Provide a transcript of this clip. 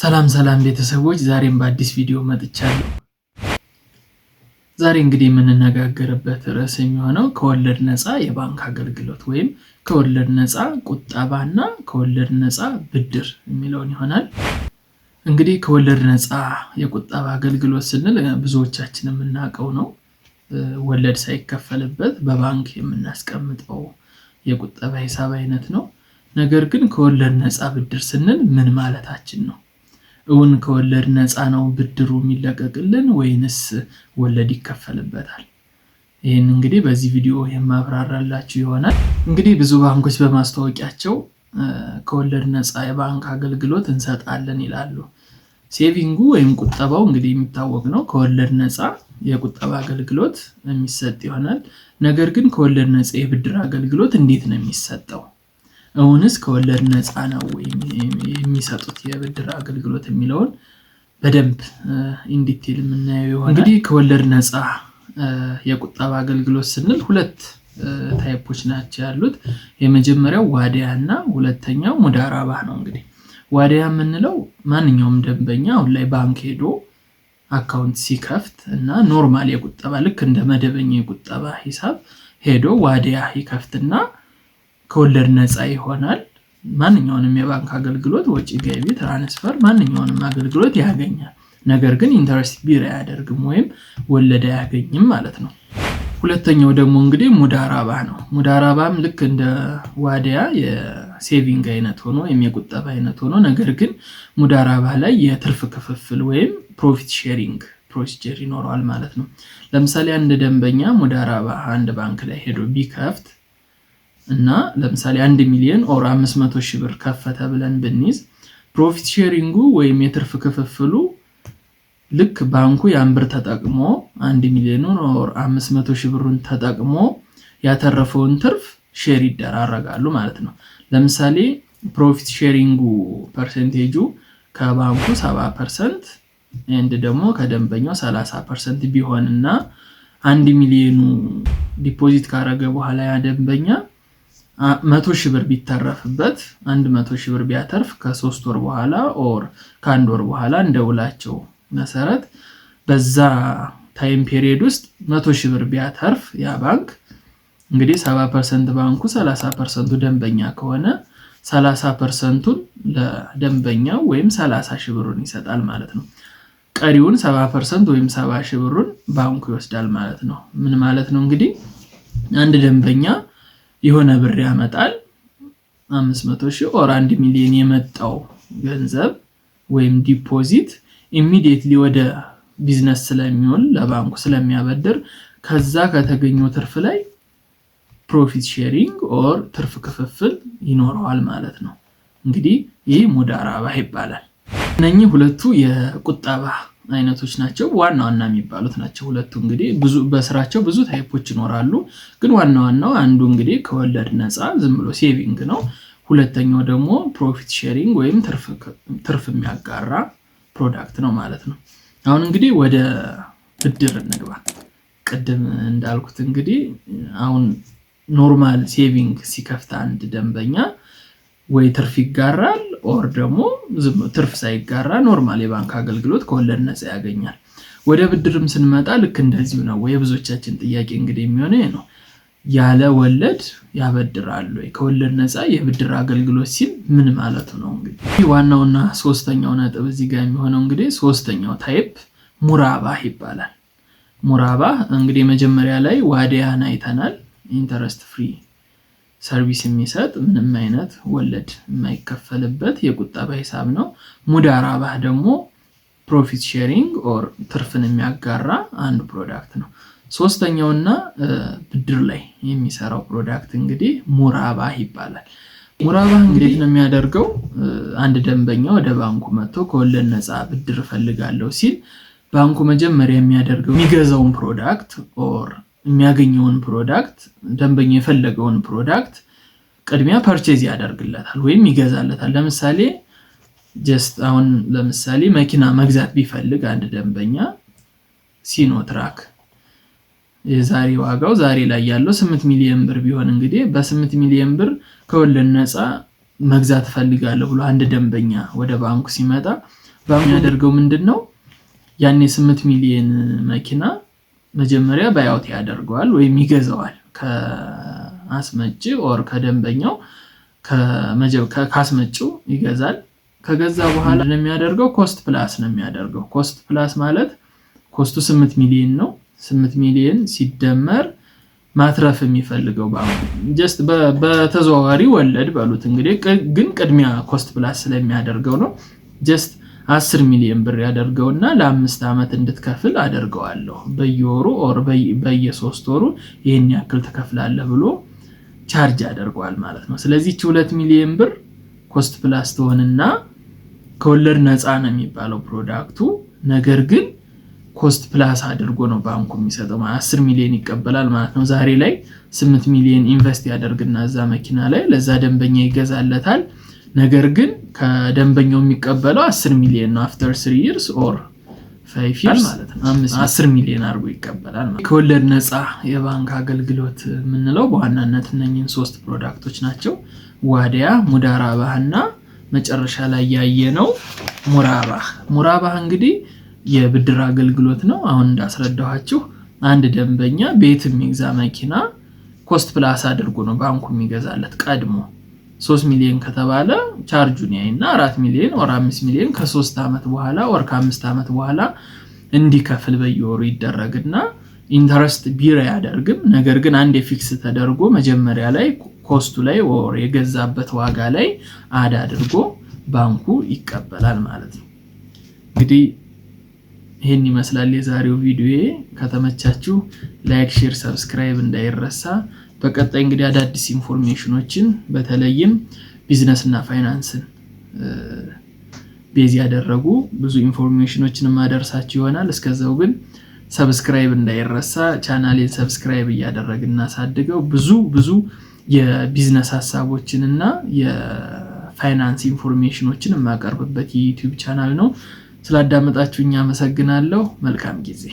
ሰላም ሰላም ቤተሰቦች፣ ዛሬም በአዲስ ቪዲዮ መጥቻለሁ። ዛሬ እንግዲህ የምንነጋገርበት ርዕስ የሚሆነው ከወለድ ነፃ የባንክ አገልግሎት ወይም ከወለድ ነፃ እና ከወለድ ነፃ ብድር የሚለውን ይሆናል። እንግዲህ ከወለድ ነፃ የቁጠባ አገልግሎት ስንል ብዙዎቻችን የምናውቀው ነው። ወለድ ሳይከፈልበት በባንክ የምናስቀምጠው የቁጠባ ሂሳብ አይነት ነው። ነገር ግን ከወለድ ነፃ ብድር ስንል ምን ማለታችን ነው? እውን ከወለድ ነፃ ነው ብድሩ የሚለቀቅልን ወይንስ ወለድ ይከፈልበታል? ይህን እንግዲህ በዚህ ቪዲዮ የማብራራላችሁ ይሆናል። እንግዲህ ብዙ ባንኮች በማስታወቂያቸው ከወለድ ነፃ የባንክ አገልግሎት እንሰጣለን ይላሉ። ሴቪንጉ ወይም ቁጠባው እንግዲህ የሚታወቅ ነው። ከወለድ ነፃ የቁጠባ አገልግሎት የሚሰጥ ይሆናል። ነገር ግን ከወለድ ነፃ የብድር አገልግሎት እንዴት ነው የሚሰጠው? እውንስ ከወለድ ነፃ ነው የሚሰጡት የብድር አገልግሎት የሚለውን በደንብ ኢንዲቴል የምናየው ይሆናል። እንግዲህ ከወለድ ነፃ የቁጠባ አገልግሎት ስንል ሁለት ታይፖች ናቸው ያሉት። የመጀመሪያው ዋዲያ እና ሁለተኛው ሙዳራባ ነው። እንግዲህ ዋዲያ የምንለው ማንኛውም ደንበኛ አሁን ላይ ባንክ ሄዶ አካውንት ሲከፍት እና ኖርማል የቁጠባ ልክ እንደ መደበኛ የቁጠባ ሂሳብ ሄዶ ዋዲያ ይከፍትና ከወለድ ነፃ ይሆናል። ማንኛውንም የባንክ አገልግሎት ወጪ፣ ገቢ፣ ትራንስፈር ማንኛውንም አገልግሎት ያገኛል። ነገር ግን ኢንተረስት ቢር አያደርግም ወይም ወለድ አያገኝም ማለት ነው። ሁለተኛው ደግሞ እንግዲህ ሙዳራባ ነው። ሙዳራባም ልክ እንደ ዋዲያ የሴቪንግ አይነት ሆኖ ወይም የቁጠባ አይነት ሆኖ ነገር ግን ሙዳራባ ላይ የትርፍ ክፍፍል ወይም ፕሮፊት ሼሪንግ ፕሮሲጀር ይኖረዋል ማለት ነው። ለምሳሌ አንድ ደንበኛ ሙዳራባ አንድ ባንክ ላይ ሄዶ ቢከፍት እና ለምሳሌ አንድ ሚሊዮን ኦር አምስት መቶ ሺህ ብር ከፈተ ብለን ብንይዝ ፕሮፊት ሼሪንጉ ወይም የትርፍ ክፍፍሉ ልክ ባንኩ ያን ብር ተጠቅሞ አንድ ሚሊዮኑን ኦር አምስት መቶ ሺህ ብሩን ተጠቅሞ ያተረፈውን ትርፍ ሼር ይደራረጋሉ ማለት ነው። ለምሳሌ ፕሮፊት ሼሪንጉ ፐርሰንቴጁ ከባንኩ 70 ፐርሰንት ኤንድ ደግሞ ከደንበኛው 30 ፐርሰንት ቢሆን እና አንድ ሚሊዮኑ ዲፖዚት ካረገ በኋላ ያ ደንበኛ መቶ ሺህ ብር ቢተረፍበት አንድ መቶ ሺህ ብር ቢያተርፍ ከሶስት ወር በኋላ ኦር ከአንድ ወር በኋላ እንደ ውላቸው መሰረት በዛ ታይም ፔሪየድ ውስጥ መቶ ሺህ ብር ቢያተርፍ ያ ባንክ እንግዲህ ሰባ ፐርሰንት ባንኩ ሰላሳ ፐርሰንቱ ደንበኛ ከሆነ ሰላሳ ፐርሰንቱን ለደንበኛው ወይም ሰላሳ ሺህ ብሩን ይሰጣል ማለት ነው። ቀሪውን ሰባ ፐርሰንት ወይም ሰባ ሺህ ብሩን ባንኩ ይወስዳል ማለት ነው። ምን ማለት ነው እንግዲህ አንድ ደንበኛ የሆነ ብር ያመጣል። አምስት መቶ ሺህ ኦር አንድ ሚሊዮን የመጣው ገንዘብ ወይም ዲፖዚት ኢሚዲየትሊ ወደ ቢዝነስ ስለሚውል ለባንኩ ስለሚያበድር ከዛ ከተገኘው ትርፍ ላይ ፕሮፊት ሼሪንግ ኦር ትርፍ ክፍፍል ይኖረዋል ማለት ነው። እንግዲህ ይህ ሙዳራባ ይባላል። እነኚህ ሁለቱ የቁጠባ አይነቶች ናቸው። ዋና ዋና የሚባሉት ናቸው። ሁለቱ እንግዲህ ብዙ በስራቸው ብዙ ታይፖች ይኖራሉ። ግን ዋና ዋናው አንዱ እንግዲህ ከወለድ ነፃ ዝም ብሎ ሴቪንግ ነው። ሁለተኛው ደግሞ ፕሮፊት ሼሪንግ ወይም ትርፍ የሚያጋራ ፕሮዳክት ነው ማለት ነው። አሁን እንግዲህ ወደ ብድር እንግባ። ቅድም እንዳልኩት እንግዲህ አሁን ኖርማል ሴቪንግ ሲከፍት አንድ ደንበኛ ወይ ትርፍ ይጋራል ኦር ደግሞ ትርፍ ሳይጋራ ኖርማል የባንክ አገልግሎት ከወለድ ነፃ ያገኛል። ወደ ብድርም ስንመጣ ልክ እንደዚሁ ነው። የብዙዎቻችን ጥያቄ እንግዲህ የሚሆነው ነው ያለ ወለድ ያበድራሉ ወይ? ከወለድ ነፃ የብድር አገልግሎት ሲል ምን ማለቱ ነው? እንግዲህ ዋናውና ሶስተኛው ነጥብ እዚህ ጋር የሚሆነው እንግዲህ ሶስተኛው ታይፕ ሙራባህ ይባላል። ሙራባህ እንግዲህ መጀመሪያ ላይ ዋዲያን አይተናል ኢንተረስት ፍሪ ሰርቪስ የሚሰጥ ምንም አይነት ወለድ የማይከፈልበት የቁጠባ ሂሳብ ነው። ሙዳራባህ ደግሞ ፕሮፊት ሼሪንግ ኦር ትርፍን የሚያጋራ አንድ ፕሮዳክት ነው። ሶስተኛውና ብድር ላይ የሚሰራው ፕሮዳክት እንግዲህ ሙራባህ ይባላል። ሙራባህ እንግዲህ ነው የሚያደርገው? አንድ ደንበኛ ወደ ባንኩ መጥቶ ከወለድ ነፃ ብድር እፈልጋለሁ ሲል ባንኩ መጀመሪያ የሚያደርገው የሚገዛውን ፕሮዳክት ኦር የሚያገኘውን ፕሮዳክት ደንበኛ የፈለገውን ፕሮዳክት ቅድሚያ ፐርቼዝ ያደርግለታል ወይም ይገዛለታል። ለምሳሌ ጀስት አሁን ለምሳሌ መኪና መግዛት ቢፈልግ አንድ ደንበኛ ሲኖትራክ የዛሬ ዋጋው ዛሬ ላይ ያለው ስምንት ሚሊዮን ብር ቢሆን እንግዲህ በስምንት ሚሊዮን ብር ከወለድ ነፃ መግዛት እፈልጋለሁ ብሎ አንድ ደንበኛ ወደ ባንኩ ሲመጣ ባንኩ ያደርገው ምንድን ነው? ያኔ ስምንት ሚሊዮን መኪና መጀመሪያ ባያውት ያደርገዋል ወይም ይገዛዋል ከአስመጪ ኦር ከደንበኛው ካስመጪው ይገዛል። ከገዛ በኋላ ነው የሚያደርገው ኮስት ፕላስ ነው የሚያደርገው። ኮስት ፕላስ ማለት ኮስቱ ስምንት ሚሊዮን ነው። ስምንት ሚሊዮን ሲደመር ማትረፍ የሚፈልገው ጀስት በተዘዋዋሪ ወለድ በሉት እንግዲህ፣ ግን ቅድሚያ ኮስት ፕላስ ስለሚያደርገው ነው ጀስት አስር ሚሊዮን ብር ያደርገውና ለአምስት ዓመት እንድትከፍል አደርገዋለሁ በየወሩ ኦር በየሶስት ወሩ ይህን ያክል ትከፍላለህ ብሎ ቻርጅ ያደርገዋል ማለት ነው። ስለዚህች ሁለት ሚሊዮን ብር ኮስት ፕላስ ትሆንና ከወለድ ነፃ ነው የሚባለው ፕሮዳክቱ። ነገር ግን ኮስት ፕላስ አድርጎ ነው ባንኩ የሚሰጠው። አስር ሚሊዮን ይቀበላል ማለት ነው። ዛሬ ላይ ስምንት ሚሊዮን ኢንቨስት ያደርግና እዛ መኪና ላይ ለዛ ደንበኛ ይገዛለታል። ነገር ግን ከደንበኛው የሚቀበለው አስር ሚሊዮን ነው። አፍተር ስሪ ይርስ ኦር ፋይቭ ይርስ አስር ሚሊዮን አድርጎ ይቀበላል። ከወለድ ነፃ የባንክ አገልግሎት የምንለው በዋናነት እነኝን ሶስት ፕሮዳክቶች ናቸው። ዋዲያ፣ ሙዳራባህ እና መጨረሻ ላይ ያየ ነው ሙራባህ። ሙራባህ እንግዲህ የብድር አገልግሎት ነው። አሁን እንዳስረዳኋችሁ አንድ ደንበኛ ቤት የሚገዛ መኪና ኮስት ፕላስ አድርጎ ነው ባንኩ የሚገዛለት ቀድሞ ሶስት ሚሊዮን ከተባለ ቻርጁን ያይ እና አራት ሚሊዮን ወር አምስት ሚሊዮን ከሶስት ዓመት በኋላ ወር ከአምስት ዓመት በኋላ እንዲከፍል በየወሩ ይደረግና ኢንተረስት ቢር አያደርግም። ነገር ግን አንድ የፊክስ ተደርጎ መጀመሪያ ላይ ኮስቱ ላይ ወር የገዛበት ዋጋ ላይ አድ አድርጎ ባንኩ ይቀበላል ማለት ነው። እንግዲህ ይህን ይመስላል የዛሬው ቪዲዮ። ከተመቻችሁ ላይክ፣ ሼር፣ ሰብስክራይብ እንዳይረሳ በቀጣይ እንግዲህ አዳዲስ ኢንፎርሜሽኖችን በተለይም ቢዝነስ እና ፋይናንስን ቤዝ ያደረጉ ብዙ ኢንፎርሜሽኖችን ማደርሳችሁ ይሆናል። እስከዛው ግን ሰብስክራይብ እንዳይረሳ፣ ቻናሌን ሰብስክራይብ እያደረግ እናሳድገው። ብዙ ብዙ የቢዝነስ ሀሳቦችን እና የፋይናንስ ኢንፎርሜሽኖችን የማቀርብበት የዩቲዩብ ቻናል ነው። ስላዳመጣችሁኝ እኛ አመሰግናለሁ። መልካም ጊዜ